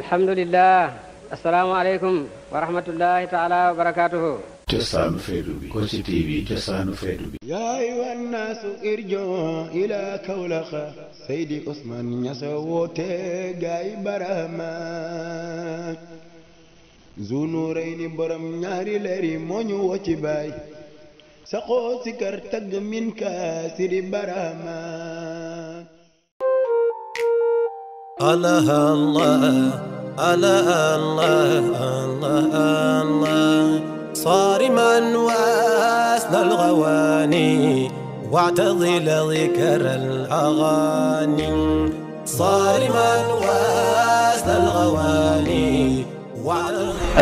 الحمد لله السلام عليكم ورحمة الله تعالى وبركاته جسان فيدوبي كوتي تي في جسان فيدوبي يا أيها الناس ارجعوا إلى كولخة سيدي عثمان يسوتي جاي برهما زونو ريني برم نهري لري مونيو وتي باي سقو سكر تق من كاسري برهما الله الله الله الله الله الله صارما واسنى الغواني واعتضل ذكر الأغاني صارما واسنى الغواني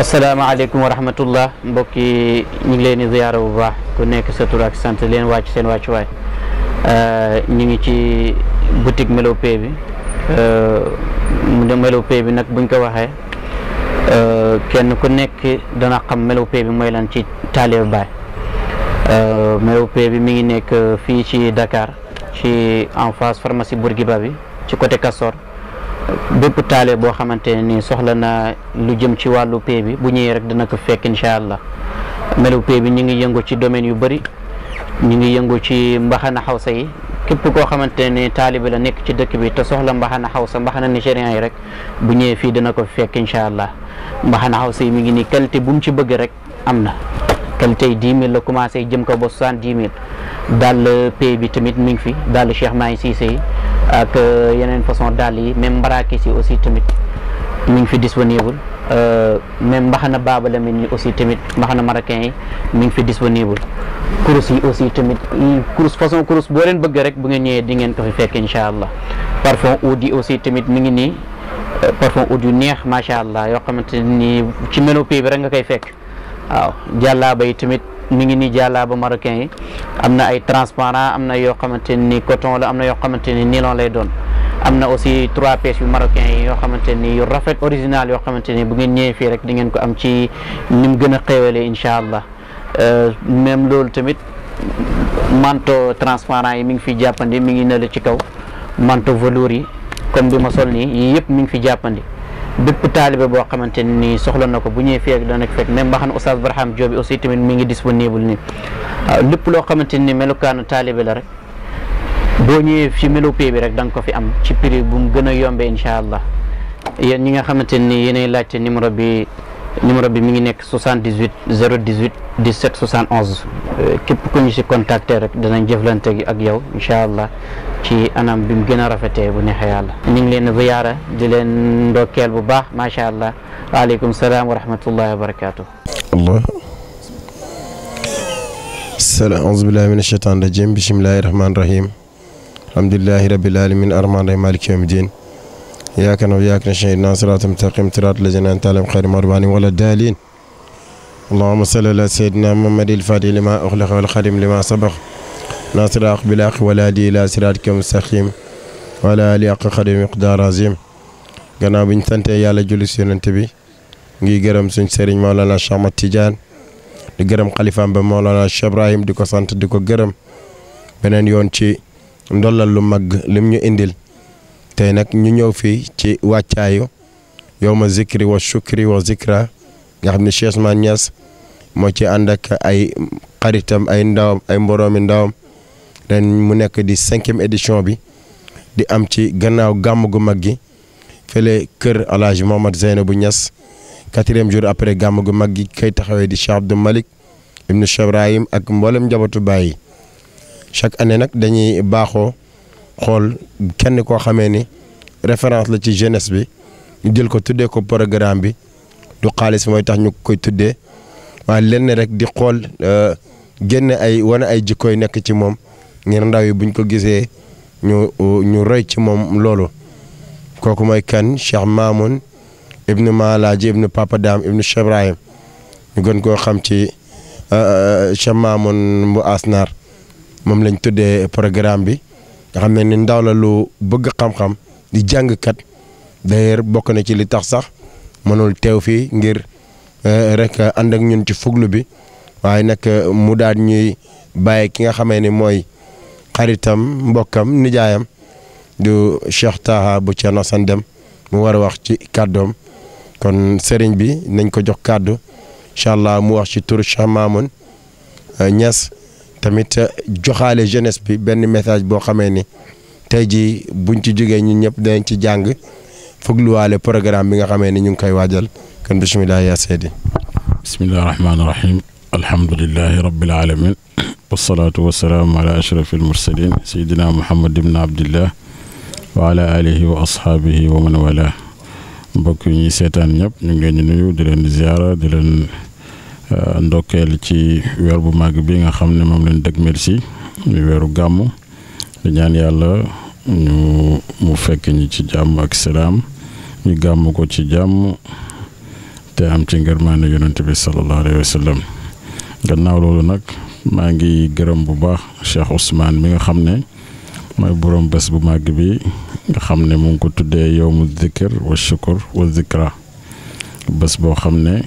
asalaamaaleykum wa rahmatullah mbokki ñu ngi leen di ziyaara bu baax ku nekk sa tur ak sant leen wàcc seen wàccuwaay ñu ngi ci boutique Melo Pay bi Euh, mu dem melo pay bi nag buñ ko waxee euh, kenn ku nekk dana xam melo pay bi mooy lan ci taalibe baay euh, melo pay bi mi ngi nekk fii ci dakaar ci en face pharmacie Bourguiba bi ci côté Castor bépp taale boo xamante ne nii soxla na lu jëm ci wàllu pay bi bu ñëwee rek dana ko fekk incha allah melo pay bi ñu ngi yëngu ci domaine yu bëri ñu ngi yëngu ci mbaxana xawsa yi képp koo xamante ni taalibe la nekk ci dëkk bi te soxla mbaxana xawsa mbaxana nigérien yi rek bu ñëwee fii dana ko fekk incha allah mbaxana xawsa yi mi ngi nii qualité bu mu ci bëgg rek am na qualité yi dix mille la commencé jëm ko ba soixante-dix mille daal pay bi tamit mi ngi fi daal Cheikh Mahi Cissé yi ak euh, yeneen façon daal yi même mbarakis yi aussi tamit mi ngi fi disponible euh, même mbaxana baaba la mi aussi tamit mbaxana marocain yi mi ngi fi disponible kurus yi aussi tamit kurus façon kurus boo leen bëgg rek bu ngeen ñëwee di ngeen ko fi fekk incha allah parfum aussi tamit mi ngi nii euh, parfum oud yu neex macha allah yoo xamante ni ci melo pays bi rek nga koy fekk waaw jàllaaba yi tamit mi ngi nii jàllaaba marocain yi am na ay transparent am na yoo xamante ni coton la am na yoo xamante ni nylon lay doon am na aussi trois pièces yu marocain yi yoo xamante ni yu rafet original yoo xamante ni bu ngeen ñëwee fii rek di ngeen ko am ci ni mu gën a xéewalee incha allah Euh, même loolu tamit manto transparent yi mi ngi fi jàppandi mi ngi nële ci kaw manteau velours yi comme bi ma sol nii yii yëpp mi ngi fi jàppandi bépp taalibe boo xamante ni soxla na ko bu ñëwee fii ak dana fekk même mbaxana Oustaz Barham Diop aussi tamit mi ngi disponible ni waaw lépp loo xamante ni melukaanu taalibe la rek boo ñëwee fi melopé bi rek da nga ko fi am ci prix bu mu gën a yombee incha allah yéen ñi nga xamante ni yéenay laajte numéro bi. numéro bi mi ngi nekk 78 018 17 71 képp ku ñu si contacter rek danañ jëflante gi ak yow incha allah ci anam bi mu gën a rafetee bu neexee yàlla ñu ngi leen di ziyaara di leen ndokkeel bu baax macha allah waaleykum salaam wa rahmatullahi wa barakaatu. allah salaam auzu billahi min acheytan rajim bismillahi rahmani rahim alhamdulilahi rabil alamin arman rahim maliki yawmi din إياك وإياك نشهدنا صراط مستقيم تراد الذين أنعمت عليهم خير المغضوب ولا دالين اللهم صل على سيدنا محمد الفاتح لما أخلق والخادم لما سبق ناصر الحق ولا والهادي إلى صراطك المستقيم ولا آله حق قدر مقدار عظيم gannaaw bi ñu santee yàlla julli si yonent bi ngi gërëm suñ sëriñ Maolana Cheikh Ahmad Tidiane di gërëm xalifaam ba Maolana Cheikh Ibrahim lu mag lim ñu indil tey nag ñu ñëw fii ci wàccaayu yow ma zikri wa shukri wa zikra nga xam ne Cheikh Ousmane Niass moo ci ànd ak ay xaritam ay ndawam ay mboroomi ndawam ren mu nekk di cinquième édition bi di am ci gannaaw gàmm gu mag gi fële kër El Hadj Mohamed Zeynabou quatrième jour après gàmm gu mag gi kay taxawee di Cheikh Abdou malik ibnu Cheikh ak mboolem njabootu Baay yi chaque année nag dañuy baaxoo xool kenn koo xamee ni référence la ci jeunesse bi ñu jël ko tuddee ko programme bi du xaalis mooy tax ñu koy tuddee waaye lenn rek di xool euh, génne ay wane ay jikko yu nekk ci moom ngir ndaw buñ ko gisee ñu ñu roy ci moom loolu kooku mooy kan Cheikh Mamoun ibnu Malaji ibnu Papa Dam ibnu Cheikh ñu gën koo xam ci euh, euh, Cheikh Mamoun Asnar moom lañ tuddee programme bi nga xam ne ni ndaw la lu bëgg xam-xam di jàngkat d'ailleurs bokk na ci li tax sax mënul teew fii ngir euh, rek ànd ak ñun ci fuglu bi waaye nag euh, mu daal ñuy bàyyi ki nga xamee ni mooy xaritam mbokkam nijaayam du Cheikh Taha bu Thierno Assane Dème mu war a wax ci kàddoom kon sëriñ bi nañ ko jox kàddu incha allah mu wax ci turu Cheikh Mamoun euh, Niass tamit joxaale jeunesse bi benn message boo xamee ni tey jii buñ ci jógee ñun ñëpp danañ ci jàng fogluwaale programme bi nga xamee ni ñu ngi koy waajal kon bisimilah yaa seydi bisimilah rahmaani rahim alhamdulilahi rabbil alamin wasalaatu wasalaamu ala ashraf almursalin sayidina muhammad ibn wa ala alihi wa ashaabihi wa yi ñuy seetaan ñëpp ñu ngi leen di nuyu di leen ziyaara di leen Euh, ndokkeel ci weer bu màgg bi nga xam ne moom leen dëg merci muy weeru gàmm di yàlla ñu mu fekk ñi ci jàmm ak salaam ñu gàmm ko ci jàmm te am ci ngërmaane yonent bi sallallahu alayhi gannaaw loolu nag maa ngi gërëm bu baax Cheikh Ousmane mi nga xam ne mooy borom bés bu màgg bi nga xam ne mu ngi ko tuddee yow mu zikir wa shukur wa zikra bés boo xam ne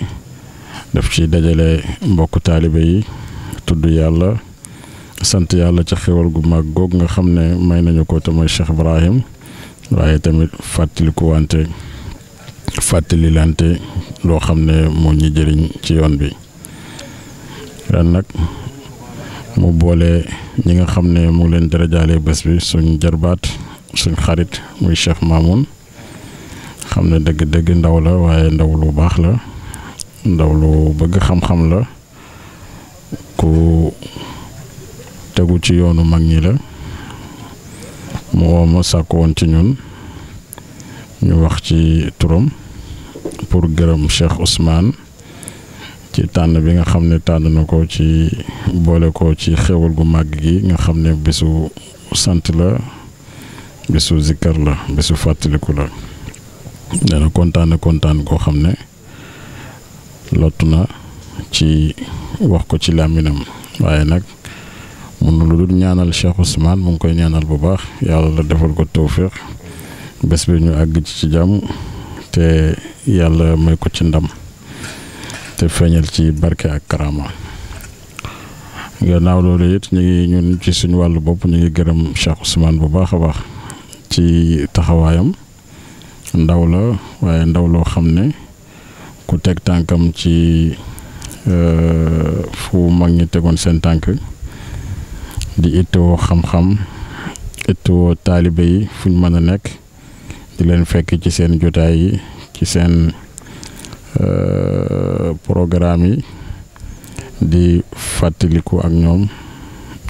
daf ci dajale mbokk taalibe yi tudd yàlla sant yàlla ci xewal gu mag goog nga xam ne may nañu ko te mooy Cheikh Ibrahim waaye tamit fàttaliku wante fàttali lante loo xam ne moo ñu jëriñ ci yoon bi ren nag mu boole ñi nga xam ne mu leen darajaale bés bi suñ jarbaat suñ xarit muy Cheikh Mamoun xam ne dëgg-dëgg ndaw la waaye ndaw lu baax la ndaw lu bëgg xam-xam la ku tegu ci yoonu mag ñi la mu woo ma sàkku woon ci ñun ñu wax ci turam pour gërëm Cheikh Ousmane ci tànn bi nga xam ne tànn na ko ci boole ko ci xéwal gu màgg gi nga xam ne bisu sant la bisu zikkar la bisu fàttaliku la dana kontaan kontaan koo xam ne lottu na ci wax ko ci làmminam waaye nag mun na lu ñaanal Cheikh Ousmane mu ngi koy ñaanal bu baax yàlla la defal ko tawfiq bés bi ñu àgg ci jàmm te yàlla may ko ci ndam te feeñal ci barke ak karaama gannaaw loolu it ñu ngi ñun ci suñu wàllu bopp ñu ngi gërëm Cheikh Ousmane bu baax a baax ci taxawaayam ndaw la waaye ndaw loo xam ne ku teg tànkam ci euh, fu mag ñi tegoon seen tànk di ittoo xam-xam ittoo taalibe yi fuñ mën a nekk di leen fekk ci seen jotaay yi ci seen euh, programme yi di fàttaliku ak ñoom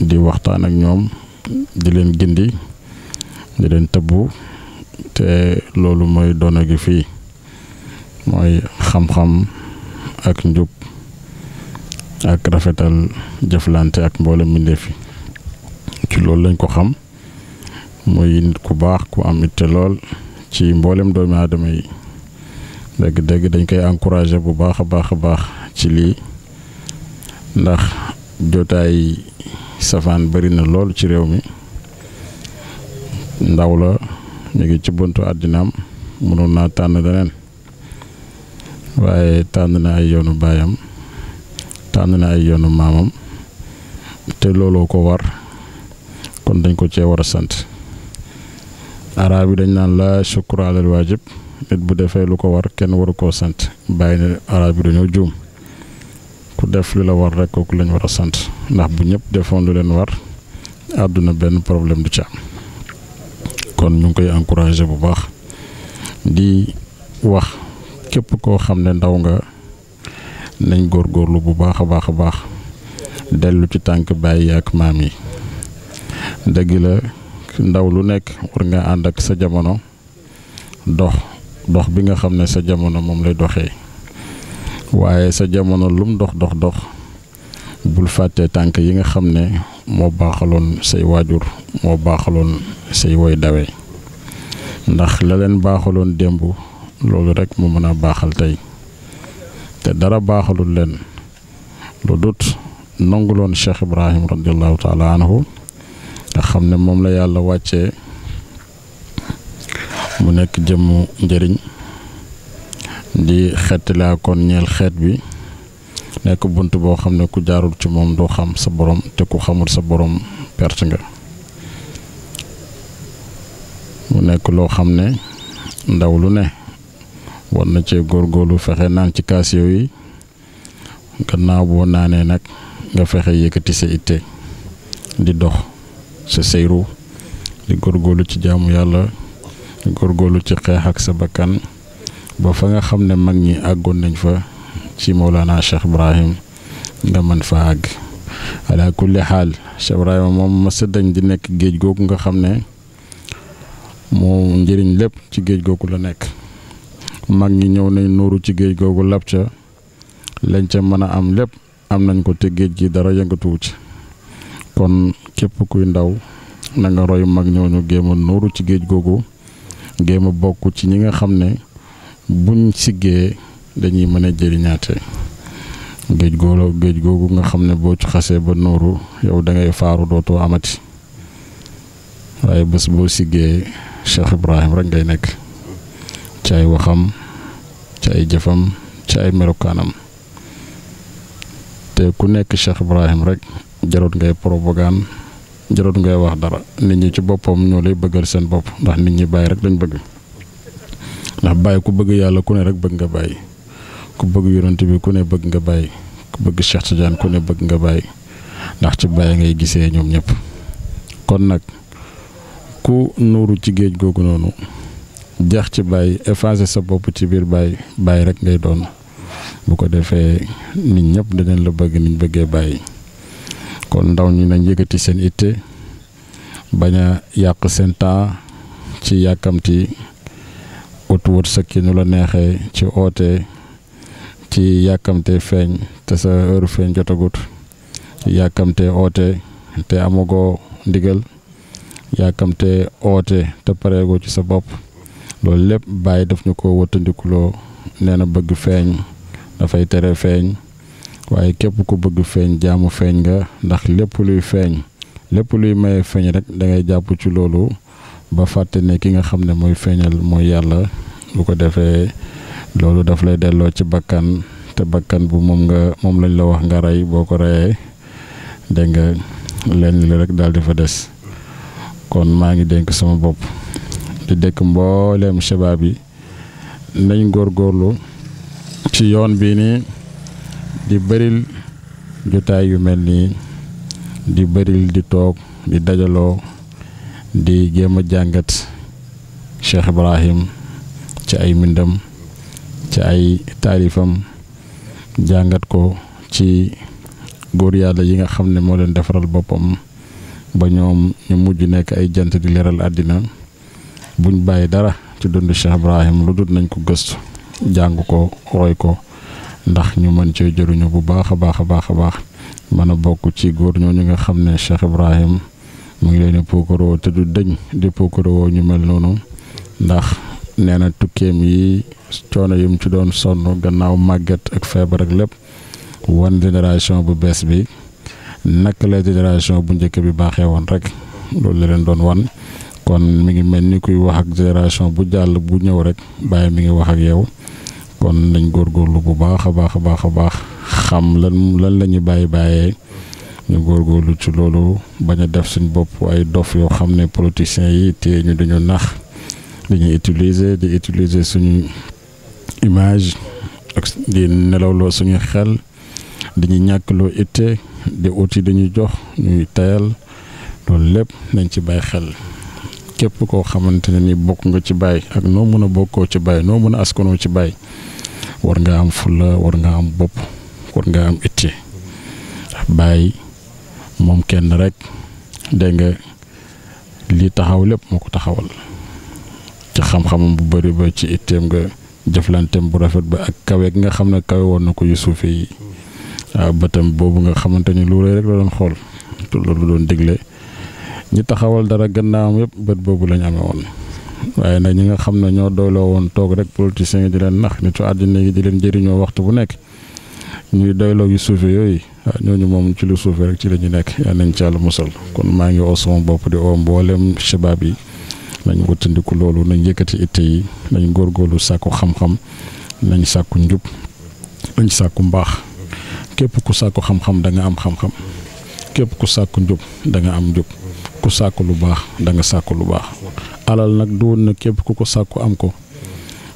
di waxtaan ak ñoom di leen gindi di leen tëbbu te loolu mooy doona gi fii mooy xam-xam ak njub ak rafetal jëflante ak mboolem mbindeef yi ci loolu lañ ko xam muy ku baax ku am itte lool ci mboolem doomi aadama yi dëgg-dëgg dañ koy encourager bu baax a baax a baax ci lii ndax jotaay safaan bari na lool ci réew mi ndaw la ñu ci buntu àddinaam mënoon naa tànn leneen waaye tànn na ay yoonu baayam tànn na ay yoonu maamam te looloo ko war kon dañ ko cee war a sant araab yi dañ naan la shukru alal waajib nit bu defee lu ko war kenn waru koo sant bàyyi na araab yi dañoo juum ku def li la war rek kooku lañ war a sant ndax bu ñëpp defoon lu leen war àdduna benn problème du ca kon ñu ngi koy encouragé bu baax di wax képp koo xam ne ndaw nga nañ góor góorlu bu baax a baax a baax dellu ci tànk bàyyi ak maam yi dëgg la ndaw lu nekk war nga ànd ak sa jamono dox dox bi nga xam ne sa jamono moom lay doxe waaye sa jamono lum dox dox dox bul fàtte tànk yi nga xam ne moo baaxaloon say waajur moo baaxaloon say woy dawe ndax la baaxaloon démb loolu rek mu mën a baaxal tey te dara baaxalul leen lu dut nanguloon Cheikh Ibrahim radiallahu taala anhu nga xam ne moom la yàlla wàccee mu nekk jëmm njëriñ di xeet laa kon ñeel xeet bi nekk bunt boo xam ne ku jaarul ci moom doo xam sa borom te ku xamul sa boroom perte nga mu nekk loo xam ne ndaw lu ne war na cee góorgóorlu fexe naan ci kaas yooyu gannaaw boo naanee nag nga fexe yëkkati sa itte di dox sa seyru di góorgóorlu ci jaamu yàlla di góorgóorlu ci xeex ak sa bakkan ba fa nga xam ne mag ñi àggoon nañ fa ci Mawlana Cheikh Ibrahim nga mën fa àgg ala kulli xaal Cheikh Ibrahima moom mës a dañ di nekk géej googu nga xam ne moom njëriñ lépp ci géej googu la nekk mag ñi ñëw nañ nooru ci géej googu lab ca lañ ca mën a am lépp am nañ ko te géej gi dara yëngatuwu ci kon képp kuy ndaw na nga roy mag ñooñu géem a nooru ci géej googu géem bokk ci ñi nga xam ne buñ siggee dañuy mën a jëriñaate géej goolo géej googu nga xam ne boo ci xasee ba nooru yow dangay ngay faaru dootoo amati waaye bés boo siggee Cheikh Ibrahim rek ngay nekk ay waxam ci ay jëfam ci ay melokaanam te ku nekk Cheikh Ibrahim rek jarut ngay propagande jarut ngay wax dara nit ñi ci boppam ñoo lay bëggal seen bopp ndax nit ñi bàyyi rek lañ bëgg ndax bàyyi ku bëgg yàlla ku ne rek bëgg nga bàyyi ku bëgg yonent bi ku ne bëgg nga bàyyi ku bëgg Cheikh Tidiane ku ne bëgg nga bàyyi ndax ci bàyyi ngay gisee ñoom ñëpp kon nag ku nuuru ci géej googu noonu jeex ci bàyyi effacer sa bopp ci biir baay bàyyi rek ngay doon bu ko defee nit ñëpp dinañ la bëgg niñ bëggee bàyyi kon ndaw ñu nañ yëkkati seen itte bañ a yàq seen temps ci yàkkamti ut wut sa ki la neexee ci oote ci yàkkamte feeñ te sa heure feeñ jotagut yàkkamte oote te amagoo ndigal yàkkamte oote te pareegoo ci sa bopp loolu lépp bàyyi daf ñu ko wattandikuloo nee na bëgg feeñ dafay tere feeñ waaye képp ku bëgg feeñ jaamu feeñ nga ndax lépp luy feeñ lépp luy maye feeñ rek dangay jàpp ci loolu ba fàtte ne ki nga xam ne mooy feeñal mooy yàlla bu ko defee loolu daf lay delloo ci bakkan te bakkan bu moom nga moom lañ la wax nga rey boo ko reyee dégg nga lenn li rek daal di fa des kon maa ngi dénk sama bopp ci dëkk mbooleem bi yi nañ góorgóorlu ci yoon bii nii di bëril jotaay yu mel nii di bëril di toog di dajaloo di jéem a jàngat Cheikh Ibrahim ci ay mbindam ci ay taarifam jàngat ko ci góor yàlla yi nga xam ne moo leen defaral boppam ba ñoom ñu mujj nekk ay jant di leeral àddina buñ bàyyi dara ci dund Cheikh Ibrahim lu dul nañ ko gës jàng ko roy ko ndax ñu mën cee jëruñu bu baax a baax a baax a baax mën a bokk ci góor ñoo ñu nga xam ne Cheikh Ibrahim mu ngi leen di pokkaroo te du dëñ di pokkaroo ñu mel noonu ndax nee na tukkeem yi coono yum ci doon sonn gannaaw màgget ak feebar ak lépp wan génération bu bees bi naka la génération bu njëkk bi baaxee woon rek loolu la leen doon wan kon mi ngi mel ni kuy wax ak génération bu jàll bu ñëw rek bàyyi mi ngi wax ak yow kon nañ góorlu bu baax a baax a baax a baax xam lan lan la ñu bàyyi bàyyee ñu góor góorlu ci loolu bañ a def suñ bopp ay dof yoo xam ne politiciens yi te ñu dañu nax dañuy utiliser di utiliser suñu image ak di nelawloo suñuy xel dañuy ñàkkloo itte di outil dañuy jox ñuy tayal loolu lépp nañ ci bàyyi xel. képp koo xamantene ni bokk nga ci bay ak noo mën a bokkoo ci bay noo mën a askanoo ci bay war nga am fula war nga am bopp war nga am itte bay moom kenn rek de nga li taxaw lépp moo ko taxawal ci xam-xamam bu bari ba ci itteem nga jëflanteem bu rafet ba ak kawe nga xam ne kawe woon na ko yusufe yi waaw bëtam boobu nga xamante ni lu rek la doon xool loolu doon digle ñu taxawal dara gannaawam yëpp bët boobu lañu amee woon waaye nag ñi nga xam ne ñoo doyloo woon toog rek politiciens yi di leen nax nitu àddina yi di leen jëriñoo waxtu bu nekk ñuy doyloo gi suufe yooyu ah, ñooñu moom ci lu suufe rek ci lañu nekk yaa nañ ci yàlla musal kon maa ngi oo sama bopp di oo mboolem shabaab yi nañ wattandiku loolu nañ yëkkati itte yi nañ góorgóorlu sàkku xam-xam nañ sàkku njub nañ sàkku mbaax képp ku sàkku xam-xam am xam képp ku sàkku njub da nga am njub ku sakku lu bax da nga sakku lu bax alal nag duwoon na kep ku ko sakku am ko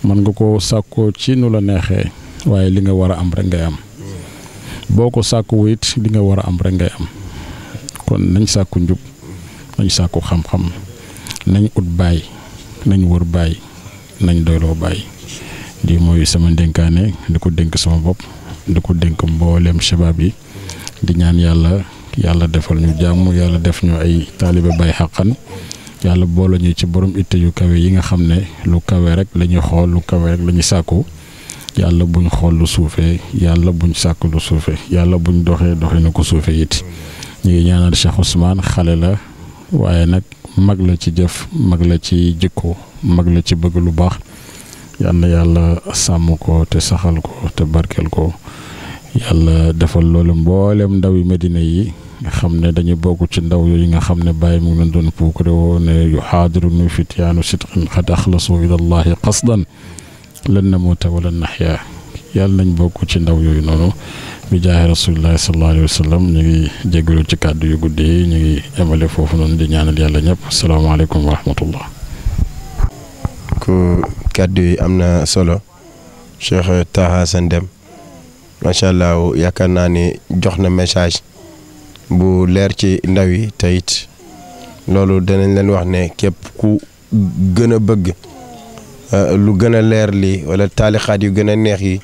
man nga ko sakko ci nu la nexé waye li nga wara am rek ngay am boko ko wit it li nga wara am rek ngay am kon nañ sakku njub nañ sakku xam-xam nañ ut bay nañ wër bay nañ doylo bay di moy sama denkané di denk sama bop diko denk dénk shabab yi di ñaan yalla yàlla defal ñu jàmm yàlla def ñu ay taalibe bay xaqan yàlla boole ñu ci borom itte yu kawe yi nga xam ne lu kawe rek lañuy ñuy xool lu kawe rek la ñuy sàkku yàlla buñ xool lu suufee yàlla buñ sàkk lu suufee yàlla buñ doxee doxee ko suufe it ñu ngi ñaanal Cheikh Ousmane xale la waaye nag mag la ci jëf mag la ci jikko mag la ci bëgg lu baax yal na yàlla sàmm ko te saxal ko te barkeel ko yàlla defal loolu mboolem ndawi Medina yi nga xam ne dañu bokk ci ndaw yooyu nga xam ne bàyyi mu ngi leen doon puukare woo ne yu xaadiru nu fityaanu sidqin xad axlasu ilallahi qasdan moo te wala naxyaa yàlla nañ bokk ci ndaw yooyu noonu bi jaaxe rasulillahi sallallahu alayhi wa ci kàddu yu guddi yi ñu foofu noonu di ñaanal yàlla ñëpp salaamaaleykum wa rahmatullah ku kàddu yi am na solo Cheikh Taha Sandem macha allah yaakaar naa ni jox na message bu leer ci ndaw yi te it loolu danañ leen wax ne képp ku gën a bëgg euh, lu gën a leer li wala taalixaat yu gën a neex yi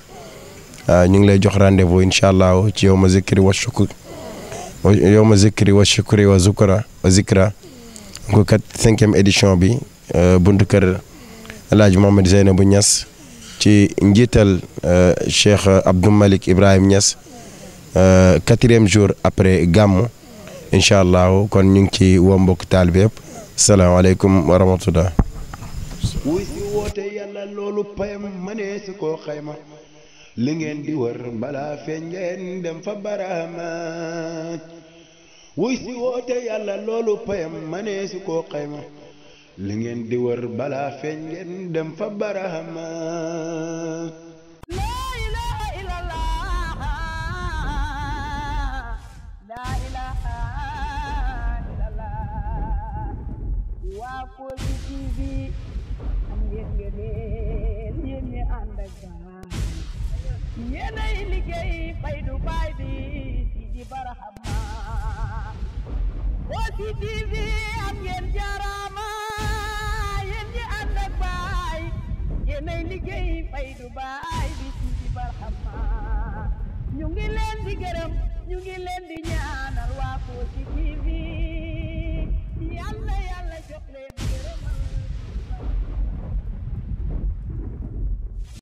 euh, ñu ngi lay jox rendez-vous incha allah ci yow ma zikri wa shukur yow ma zikri wa shukri wa zukra wa zikra ko kat cinquième édition bi euh, buntu kër El Hadj Mohamed Zeynabou Niass ci njiital Cheikh Abdou Malick Ibrahim ñas Euh, quatrième jour après gàmm incha allah kon ñu ngi ci woo mbokk taalibe salaamaaleykum wa wuy si woote yàlla loolu payam mënee si koo xayma li ngeen di wër balaa feeñ ngeen dem fa baraamaaj wuy si li ngeen di wër balaa feeñ ngeen Kossy TV am ngeen ngeen yéen ñi ànd ak gaal yéenay liggéey Faydu Baay bi Sidi Barahama Kossy TV am ngeen jaaraama yéen ñi ànd baay yéenay liggéey Faydu Baay bi Sidi Barahama ñu ngi leen di gërëm ñu ngi leen di ñaanal waa Kossy TV yàlla yàlla jox leen